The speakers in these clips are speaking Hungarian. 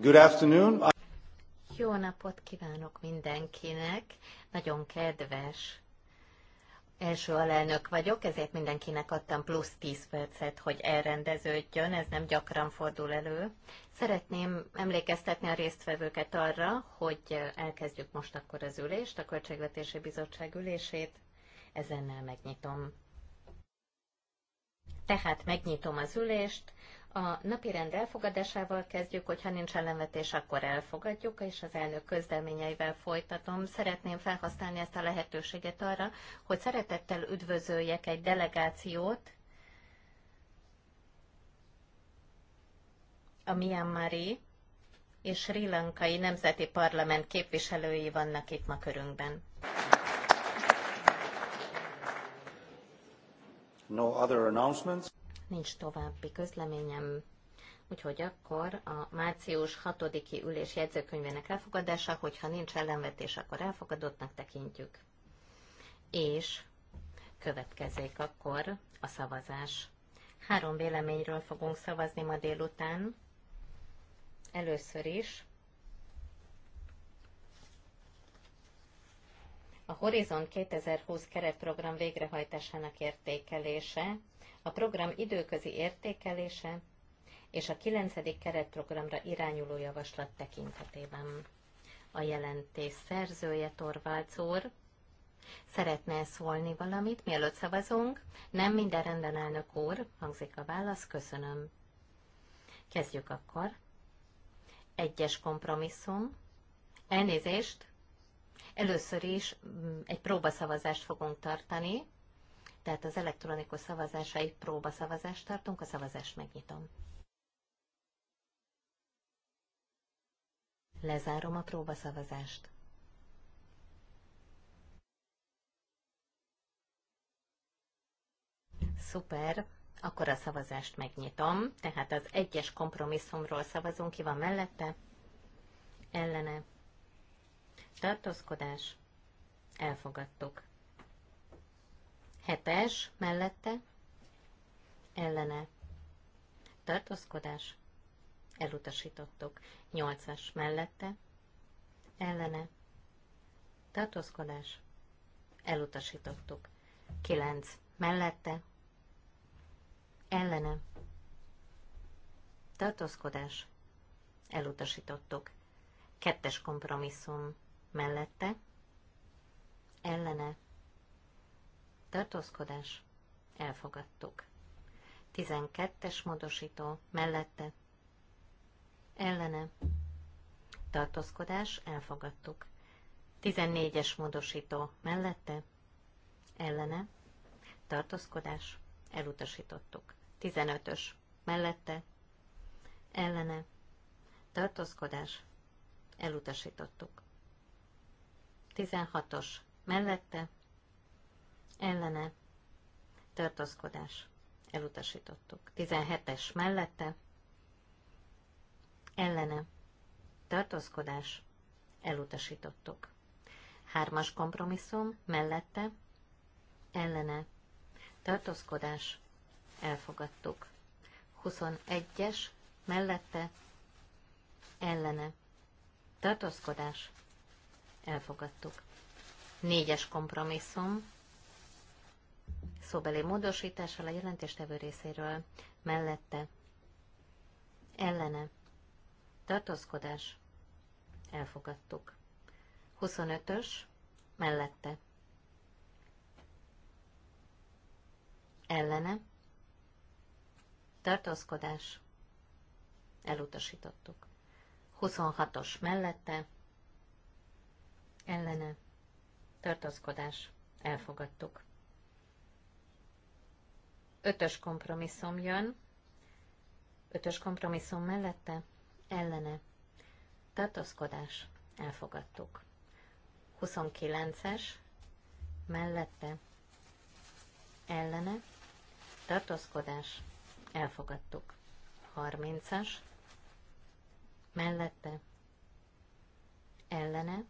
Good afternoon. Jó napot kívánok mindenkinek. Nagyon kedves első alelnök vagyok, ezért mindenkinek adtam plusz 10 percet, hogy elrendeződjön, ez nem gyakran fordul elő. Szeretném emlékeztetni a résztvevőket arra, hogy elkezdjük most akkor az ülést, a Költségvetési Bizottság ülését. Ezennel megnyitom. Tehát megnyitom az ülést, a rend elfogadásával kezdjük, hogyha nincs ellenvetés, akkor elfogadjuk, és az elnök közleményeivel folytatom. Szeretném felhasználni ezt a lehetőséget arra, hogy szeretettel üdvözöljek egy delegációt, a Myanmari és Sri Lankai Nemzeti Parlament képviselői vannak itt ma körünkben. No other announcements nincs további közleményem, úgyhogy akkor a március 6-i ülés jegyzőkönyvének elfogadása, hogyha nincs ellenvetés, akkor elfogadottnak tekintjük. És következik akkor a szavazás. Három véleményről fogunk szavazni ma délután. Először is a Horizon 2020 keretprogram végrehajtásának értékelése, a program időközi értékelése és a 9. keretprogramra irányuló javaslat tekintetében. A jelentés szerzője Torvalds úr szeretne -e szólni valamit, mielőtt szavazunk. Nem minden rendben, elnök úr, hangzik a válasz, köszönöm. Kezdjük akkor. Egyes kompromisszum. Elnézést. Először is mm, egy próbaszavazást fogunk tartani. Tehát az elektronikus szavazásra próba próbaszavazást tartunk, a szavazást megnyitom. Lezárom a próbaszavazást. Szuper, akkor a szavazást megnyitom, tehát az egyes kompromisszumról szavazunk, ki van mellette, ellene, tartózkodás, elfogadtuk. Hetes mellette ellene tartózkodás elutasítottuk. Nyolcas mellette ellene tartózkodás elutasítottuk. Kilenc mellette ellene tartózkodás elutasítottuk. Kettes kompromisszum mellette ellene tartózkodás, elfogadtuk. 12-es módosító mellette, ellene, tartózkodás, elfogadtuk. 14-es módosító mellette, ellene, tartózkodás, elutasítottuk. 15-ös mellette, ellene, tartózkodás, elutasítottuk. 16-os mellette, ellene tartózkodás elutasítottuk. 17-es mellette ellene tartózkodás elutasítottuk. Hármas kompromisszum mellette ellene tartózkodás elfogadtuk. 21-es mellette ellene tartózkodás elfogadtuk. Négyes kompromisszum szóbeli módosítással a jelentéstevő részéről mellette ellene tartózkodás elfogadtuk. 25-ös mellette ellene tartózkodás elutasítottuk. 26-os mellette ellene tartózkodás elfogadtuk. Ötös kompromisszum jön. Ötös kompromisszum mellette ellene. Tartózkodás. Elfogadtuk. 29-es mellette ellene. Tartózkodás. Elfogadtuk. 30-as mellette ellene.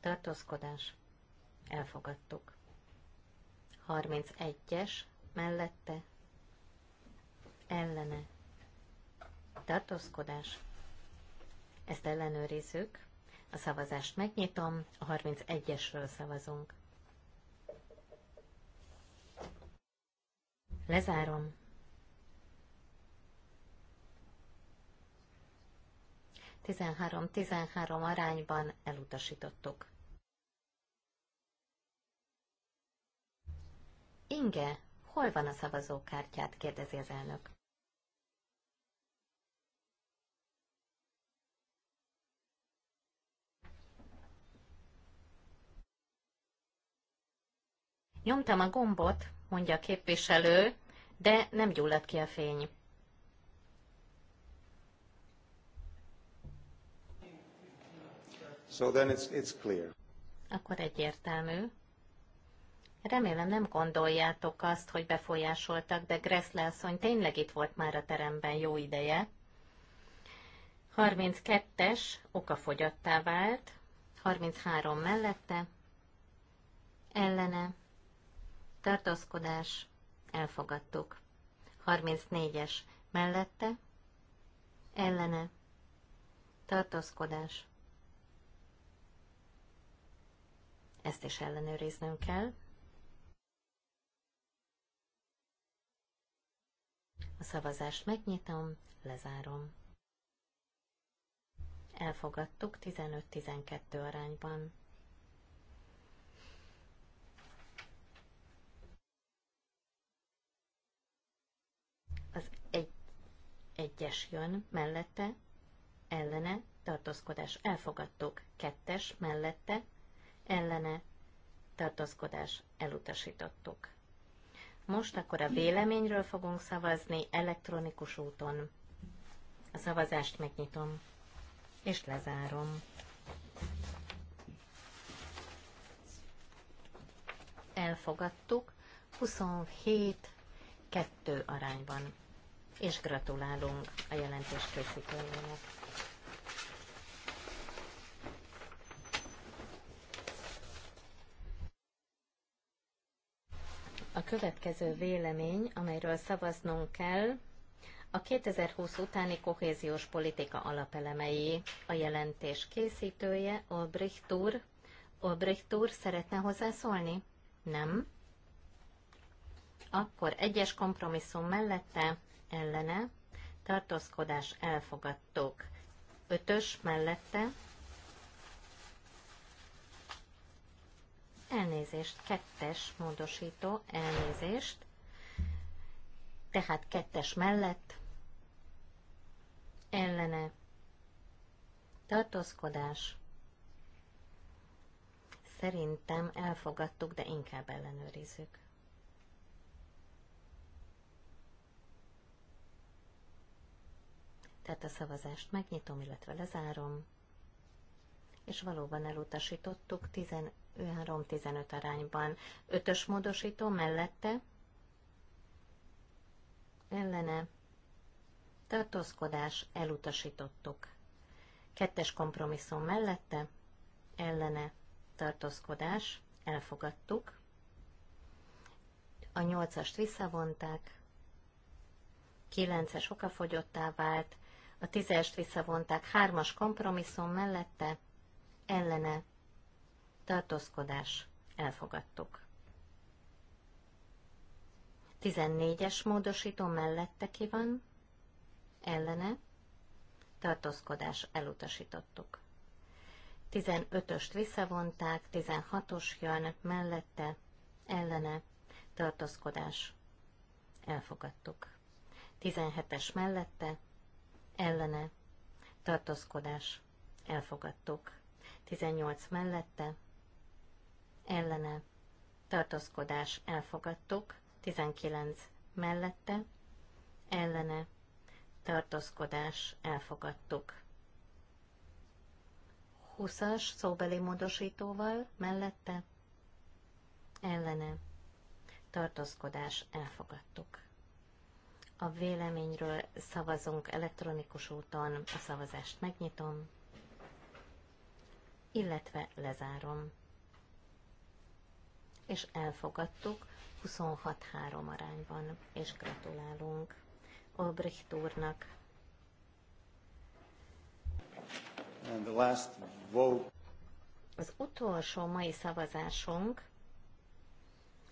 Tartózkodás. Elfogadtuk. 31-es mellette, ellene, tartózkodás. Ezt ellenőrizzük. A szavazást megnyitom, a 31-esről szavazunk. Lezárom. Tizenhárom, tizenhárom arányban elutasítottuk. Inge Hol van a szavazókártyát? kérdezi az elnök. Nyomtam a gombot, mondja a képviselő, de nem gyulladt ki a fény. So then it's, it's clear. Akkor egyértelmű. Remélem nem gondoljátok azt, hogy befolyásoltak, de Gressle asszony tényleg itt volt már a teremben jó ideje. 32-es okafogyattá vált, 33 mellette, ellene, tartózkodás, elfogadtuk. 34-es mellette, ellene, tartózkodás. Ezt is ellenőriznünk kell. A szavazást megnyitom, lezárom. Elfogadtuk 15-12 arányban. Az egy, egyes jön mellette, ellene, tartózkodás elfogadtuk, kettes mellette, ellene, tartózkodás elutasítottuk. Most akkor a véleményről fogunk szavazni elektronikus úton. A szavazást megnyitom, és lezárom. Elfogadtuk 27-2 arányban, és gratulálunk a jelentés készítőjének. A következő vélemény, amelyről szavaznunk kell, a 2020 utáni kohéziós politika alapelemei. A jelentés készítője, Olbricht úr. Olbricht úr szeretne hozzászólni? Nem. Akkor egyes kompromisszum mellette, ellene, tartózkodás elfogadtuk. Ötös mellette, elnézést, kettes módosító, elnézést, tehát kettes mellett, ellene, tartózkodás, szerintem elfogadtuk, de inkább ellenőrizzük. Tehát a szavazást megnyitom, illetve lezárom, és valóban elutasítottuk 15 rom 15 arányban. Ötös módosító mellette ellene tartózkodás elutasítottuk. Kettes kompromisszum mellette ellene tartózkodás elfogadtuk. A nyolcast visszavonták, kilences okafogyottá vált, a tízest visszavonták, hármas kompromisszum mellette ellene tartózkodás, elfogadtuk. 14-es módosító mellette ki van, ellene, tartózkodás, elutasítottuk. 15-öst visszavonták, 16-os jön mellette, ellene, tartózkodás, elfogadtuk. 17-es mellette, ellene, tartózkodás, elfogadtuk. 18 mellette, ellene tartózkodás elfogadtuk, 19 mellette ellene tartózkodás elfogadtuk. 20-as szóbeli módosítóval mellette ellene tartózkodás elfogadtuk. A véleményről szavazunk elektronikus úton, a szavazást megnyitom, illetve lezárom és elfogadtuk 26-3 arányban, és gratulálunk Albrecht úrnak. And the last vote. Az utolsó mai szavazásunk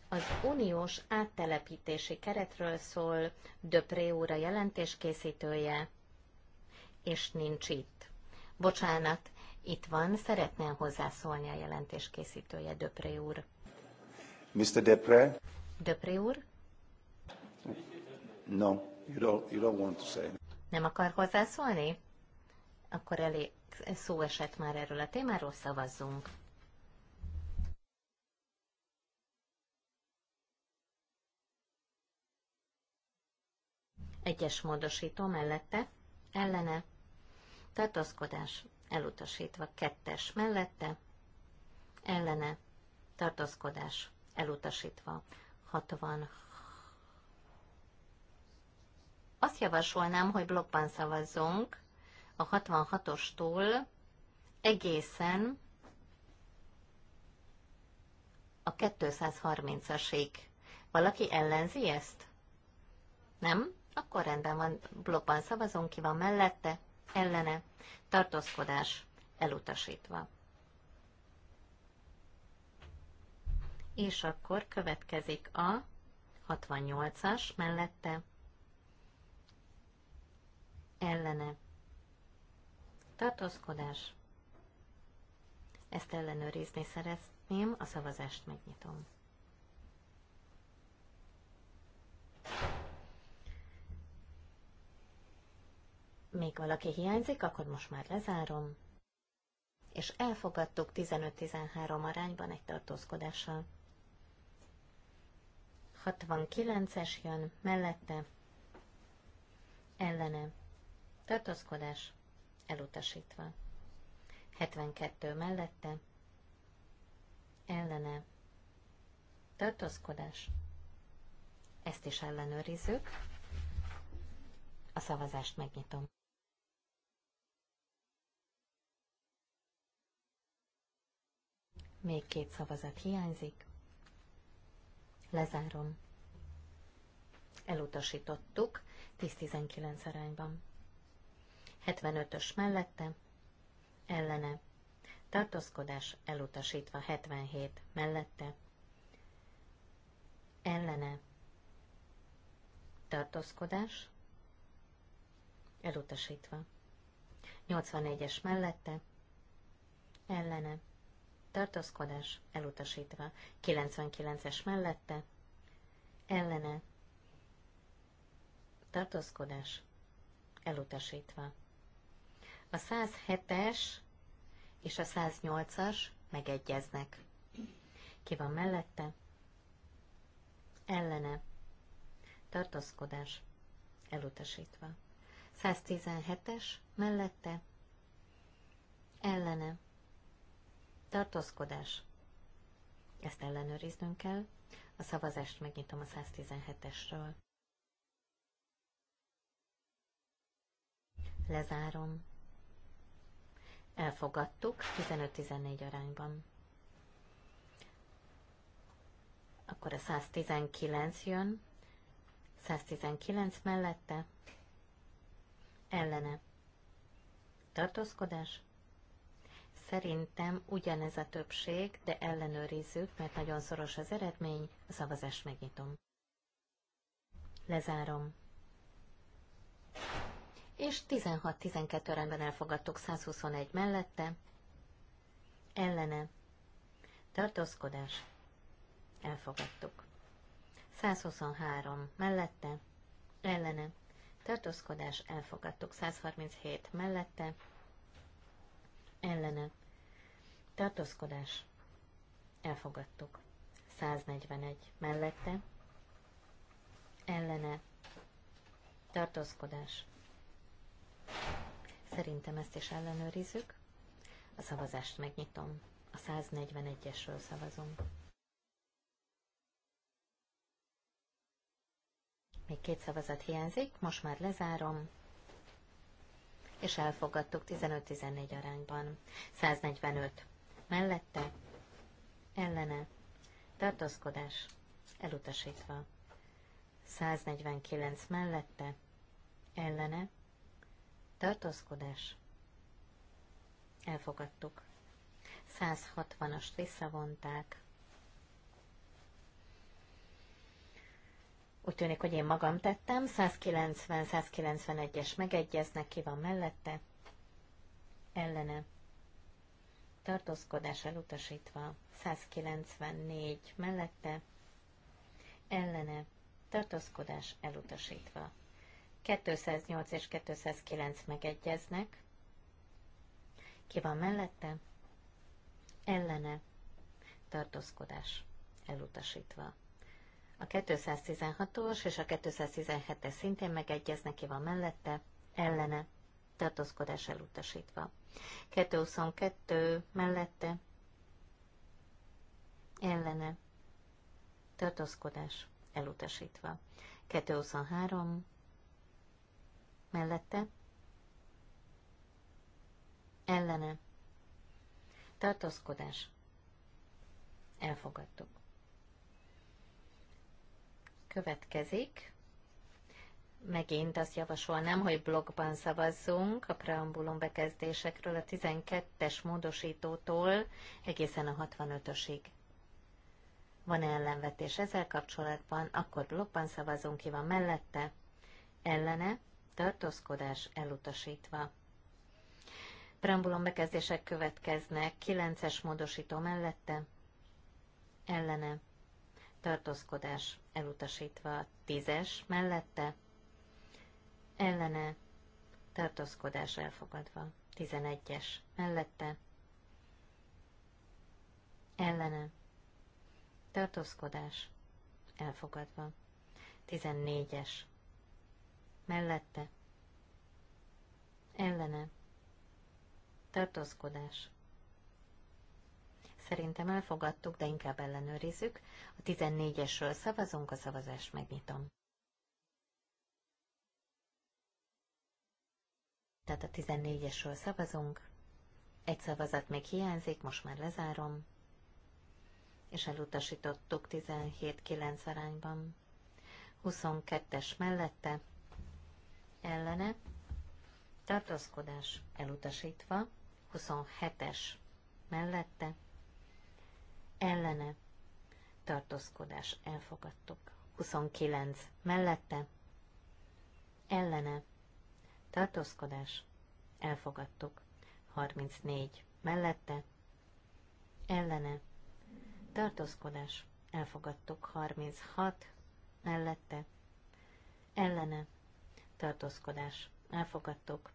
az uniós áttelepítési keretről szól Döpré úr a jelentés készítője, és nincs itt. Bocsánat, itt van, szeretném hozzászólni a jelentés készítője Döpré úr. Mr. Depre? Depre úr? No, you don't, you don't want to say. Nem akar hozzászólni? Akkor elég szó esett már erről a témáról, szavazzunk. Egyes módosító mellette, ellene, tartózkodás elutasítva, kettes mellette, ellene, tartózkodás elutasítva. 60. Azt javasolnám, hogy blokkban szavazzunk a 66-ostól egészen a 230-asig. Valaki ellenzi ezt? Nem? Akkor rendben van, blokkban szavazunk, ki van mellette, ellene, tartózkodás elutasítva. és akkor következik a 68-as mellette ellene tartózkodás. Ezt ellenőrizni szeretném, a szavazást megnyitom. Még valaki hiányzik, akkor most már lezárom. És elfogadtuk 15-13 arányban egy tartózkodással. 69-es jön, mellette ellene tartózkodás elutasítva. 72 mellette ellene tartózkodás. Ezt is ellenőrizzük. A szavazást megnyitom. Még két szavazat hiányzik. Lezárom. Elutasítottuk 10-19 arányban. 75-ös mellette, ellene, tartózkodás elutasítva 77 mellette, ellene, tartózkodás elutasítva. 81-es mellette, ellene, tartózkodás elutasítva. 99-es mellette, ellene, tartózkodás elutasítva. A 107-es és a 108-as megegyeznek. Ki van mellette? Ellene. Tartózkodás. Elutasítva. 117-es mellette. Ellene tartózkodás. Ezt ellenőriznünk kell. A szavazást megnyitom a 117-esről. Lezárom. Elfogadtuk 15-14 arányban. Akkor a 119 jön. 119 mellette. Ellene. Tartózkodás. Szerintem ugyanez a többség, de ellenőrizzük, mert nagyon szoros az eredmény, a szavazást megnyitom. Lezárom. És 16-12 rendben elfogadtuk 121 mellette. Ellene. Tartózkodás. Elfogadtuk. 123 mellette. Ellene. Tartózkodás. Elfogadtuk. 137 mellette ellene. Tartózkodás. Elfogadtuk. 141. Mellette. Ellene. Tartózkodás. Szerintem ezt is ellenőrizzük. A szavazást megnyitom. A 141-esről szavazunk. Még két szavazat hiányzik, most már lezárom, és elfogadtuk 15-14 arányban. 145 mellette, ellene, tartózkodás, elutasítva. 149 mellette, ellene, tartózkodás, elfogadtuk. 160-ast visszavonták. Úgy tűnik, hogy én magam tettem. 190-191-es megegyeznek, ki van mellette, ellene, tartózkodás elutasítva 194 mellette, ellene tartózkodás elutasítva. 208 és 209 megegyeznek. Ki van mellette? Ellene tartózkodás elutasítva. A 216-os és a 217-es szintén megegyeznek, ki van mellette, ellene tartózkodás elutasítva. 222 mellette ellene tartózkodás elutasítva. 223 mellette ellene tartózkodás elfogadtuk. Következik megint azt javasolnám, hogy blogban szavazzunk a preambulum bekezdésekről a 12-es módosítótól egészen a 65-ösig. Van-e ellenvetés ezzel kapcsolatban, akkor blogban szavazunk, ki van mellette, ellene, tartózkodás elutasítva. Preambulum bekezdések következnek, 9-es módosító mellette, ellene, tartózkodás elutasítva, 10-es mellette, ellene, tartózkodás elfogadva. 11-es mellette, ellene, tartózkodás elfogadva. 14-es mellette, ellene, tartózkodás Szerintem elfogadtuk, de inkább ellenőrizzük. A 14-esről szavazunk, a szavazást megnyitom. Tehát a 14-esről szavazunk. Egy szavazat még hiányzik, most már lezárom. És elutasítottuk 17-9 arányban. 22-es mellette ellene tartózkodás elutasítva, 27-es mellette, ellene tartózkodás elfogadtuk, 29 mellette, ellene tartózkodás, elfogadtuk. 34 mellette, ellene, tartózkodás, elfogadtuk. 36 mellette, ellene, tartózkodás, elfogadtuk.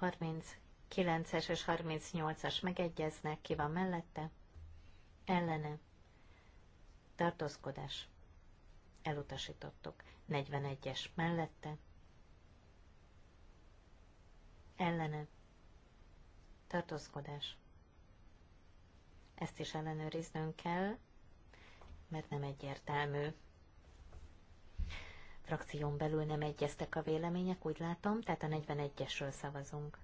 39-es és 38-as megegyeznek, ki van mellette, ellene, tartózkodás, elutasítottuk. 41-es mellette, ellene, tartózkodás. Ezt is ellenőriznünk kell, mert nem egyértelmű. Frakción belül nem egyeztek a vélemények, úgy látom, tehát a 41-esről szavazunk.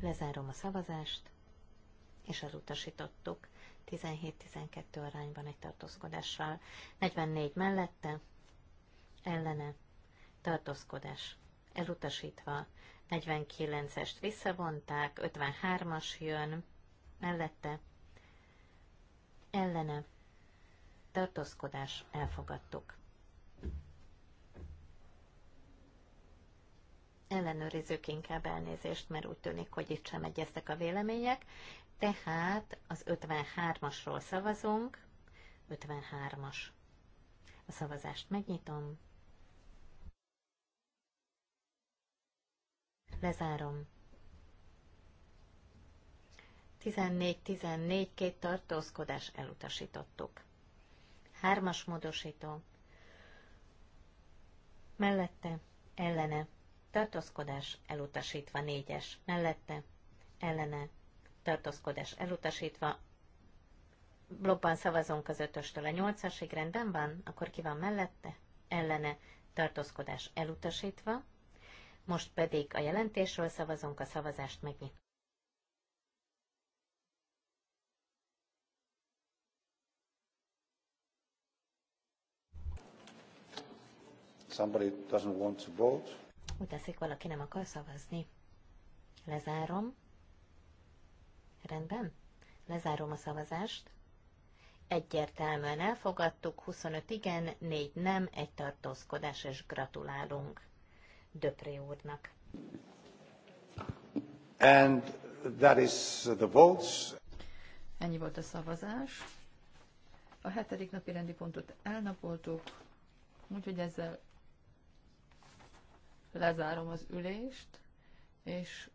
Lezárom a szavazást, és elutasítottuk 17-12 arányban egy tartózkodással. 44 mellette, ellene, tartózkodás elutasítva, 49-est visszavonták, 53-as jön, mellette, ellene, tartózkodás, elfogadtuk. Ellenőrizzük inkább elnézést, mert úgy tűnik, hogy itt sem egyeztek a vélemények, tehát az 53-asról szavazunk, 53-as. A szavazást megnyitom. Lezárom. 14-14 két tartózkodás elutasítottuk. Hármas módosító. Mellette, ellene, tartózkodás elutasítva négyes. Mellette, ellene, tartózkodás elutasítva. Blogban szavazunk az ötöstől a nyolcasig, rendben van? Akkor ki van mellette? Ellene, tartózkodás elutasítva. Most pedig a jelentésről szavazunk, a szavazást megnyit. Somebody doesn't want to vote. Úgy teszik, valaki nem akar szavazni. Lezárom. Rendben. Lezárom a szavazást. Egyértelműen elfogadtuk, 25 igen, 4 nem, egy tartózkodás, és gratulálunk. Döpré úrnak. And that is the votes. Ennyi volt a szavazás. A hetedik napi rendi pontot elnapoltuk, úgyhogy ezzel lezárom az ülést, és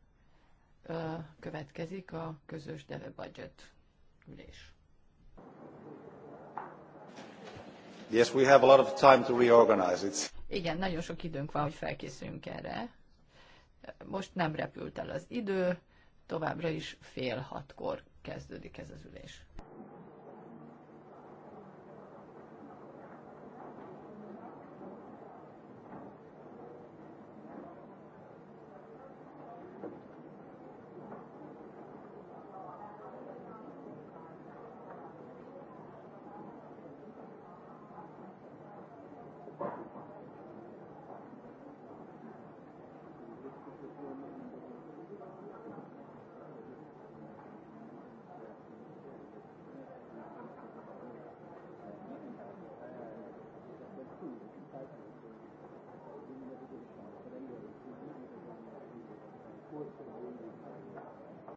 uh, következik a közös deve budget ülés. Yes, we have a lot of time to reorganize it. Igen, nagyon sok időnk van, hogy felkészüljünk erre. Most nem repült el az idő, továbbra is fél hatkor kezdődik ez az ülés. volt.